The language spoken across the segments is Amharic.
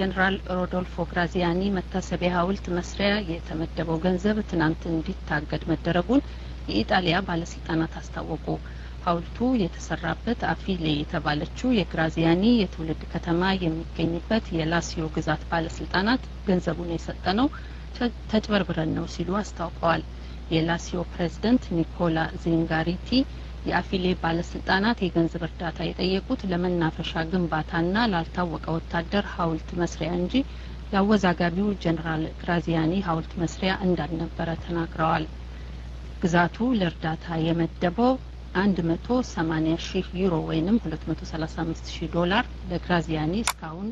ጀኔራል ሮዶልፎ ግራዚያኒ መታሰቢያ ሐውልት መስሪያ የተመደበው ገንዘብ ትናንት እንዲታገድ መደረጉን የኢጣሊያ ባለስልጣናት አስታወቁ። ሐውልቱ የተሰራበት አፊሌ የተባለችው የግራዚያኒ የትውልድ ከተማ የሚገኝበት የላሲዮ ግዛት ባለስልጣናት ገንዘቡን የሰጠ ነው ተጭበርብረን ነው ሲሉ አስታውቀዋል። የላሲዮ ፕሬዝደንት ኒኮላ ዚንጋሪቲ የአፊሌ ባለስልጣናት የገንዘብ እርዳታ የጠየቁት ለመናፈሻ ግንባታና ላልታወቀ ወታደር ሐውልት መስሪያ እንጂ ለአወዛጋቢው ጀኔራል ግራዚያኒ ሐውልት መስሪያ እንዳልነበረ ተናግረዋል። ግዛቱ ለእርዳታ የመደበው አንድ መቶ ሰማኒያ ሺህ ዩሮ ወይም 235 ሺህ ዶላር ለግራዚያኒ እስካሁን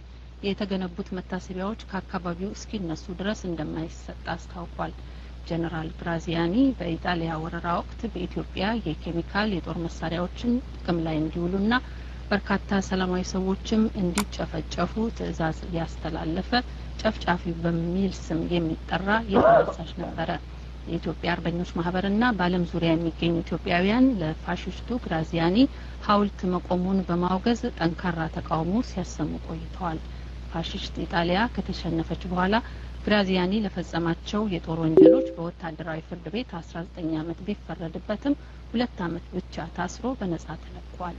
የተገነቡት መታሰቢያዎች ከአካባቢው እስኪነሱ ድረስ እንደማይሰጥ አስታውቋል። ጀኔራል ግራዚያኒ በኢጣሊያ ወረራ ወቅት በኢትዮጵያ የኬሚካል የጦር መሳሪያዎችን ጥቅም ላይ እንዲውሉና በርካታ ሰላማዊ ሰዎችም እንዲጨፈጨፉ ትዕዛዝ ያስተላለፈ ጨፍጫፊ በሚል ስም የሚጠራ የተነሳሽ ነበረ። የኢትዮጵያ አርበኞች ማህበርና በዓለም ዙሪያ የሚገኙ ኢትዮጵያውያን ለፋሽስቱ ግራዚያኒ ሐውልት መቆሙን በማውገዝ ጠንካራ ተቃውሞ ሲያሰሙ ቆይተዋል። ፋሽስት ኢጣሊያ ከተሸነፈች በኋላ ግራዚያኒ ለፈጸማቸው የጦር ወንጀሎች በወታደራዊ ፍርድ ቤት 19 ዓመት ቢፈረድበትም ሁለት ዓመት ብቻ ታስሮ በነጻ ተለቋል።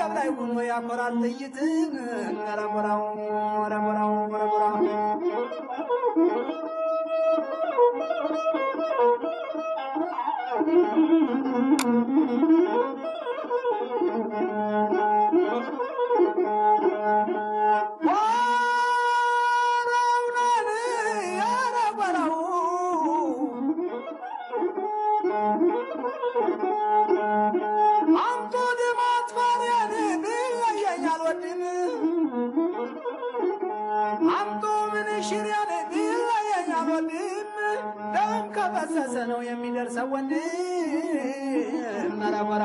ጋብላይ ቁሞ ያኮራል ጥይትን አንቱ ምን ሽር ያለ ቢለየኛ ወንድም ደም ከፈሰሰ ነው የሚደርሰው ወንድም ወራ